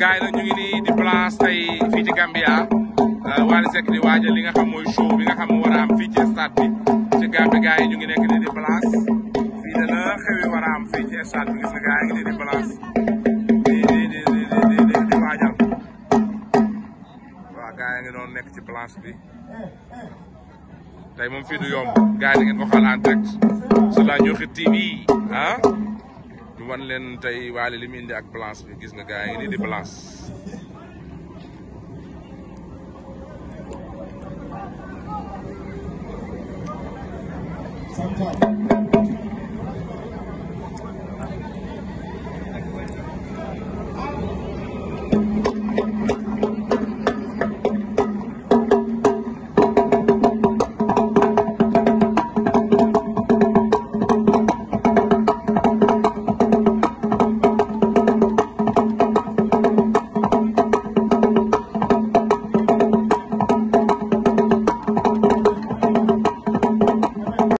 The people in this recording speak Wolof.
gars yi nag ñu ngi nii di place tey fii ci Gambia euh, Wally Seck waajal li nga xam mooy show bi nga xam war a am fii ci stade ñu ngi nekk nii di place fii de la xewi war a am fii ci stade bi nga gars ngi nii di place di di di di waajal waaw gars ngi doon nekk ci place bi tey moom fii du yomb gars yi di ngeen ko xool en direct sur la wan len tey waale li mu indi ak balance bi gis nga gars yi nii di balance Sometimes.